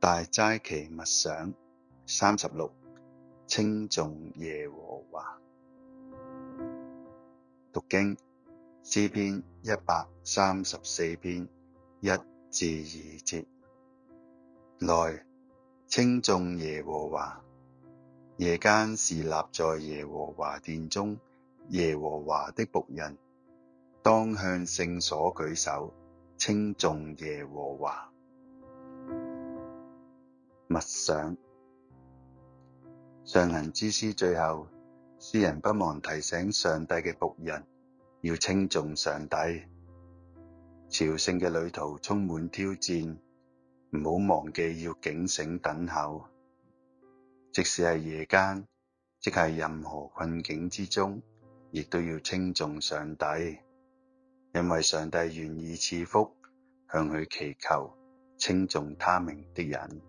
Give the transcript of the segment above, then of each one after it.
大齋期默想三十六，稱頌耶和華。讀經詩篇一百三十四篇一至二節，來稱頌耶和華。夜間侍立在耶和華殿中，耶和華的僕人，當向聖所舉手，稱頌耶和華。默想，上行之詩最後，詩人不忘提醒上帝嘅僕人要稱頌上帝。朝聖嘅旅途充滿挑戰，唔好忘記要警醒等候。即使係夜間，即係任何困境之中，亦都要稱頌上帝，因為上帝願意賜福向佢祈求，稱頌他名的人。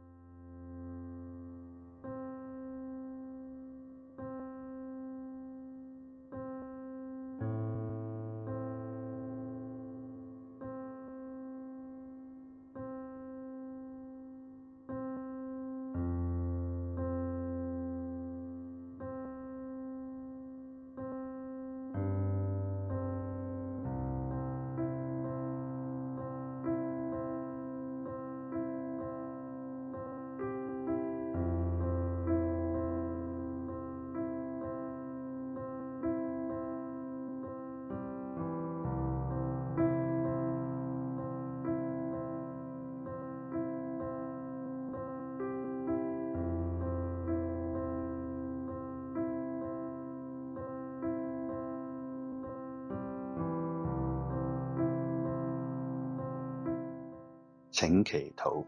請祈禱，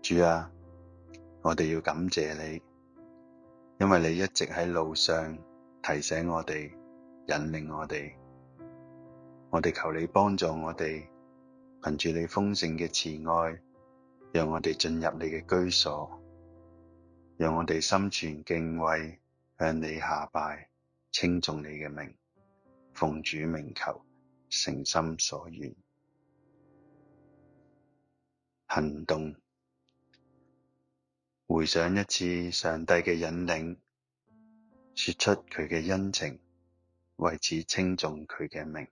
主啊，我哋要感謝你，因為你一直喺路上提醒我哋，引領我哋。我哋求你幫助我哋，憑住你豐盛嘅慈愛，讓我哋進入你嘅居所，讓我哋心存敬畏，向你下拜，稱頌你嘅名，奉主名求，誠心所願。行動，回想一次上帝嘅引領，說出佢嘅恩情，為此稱頌佢嘅名。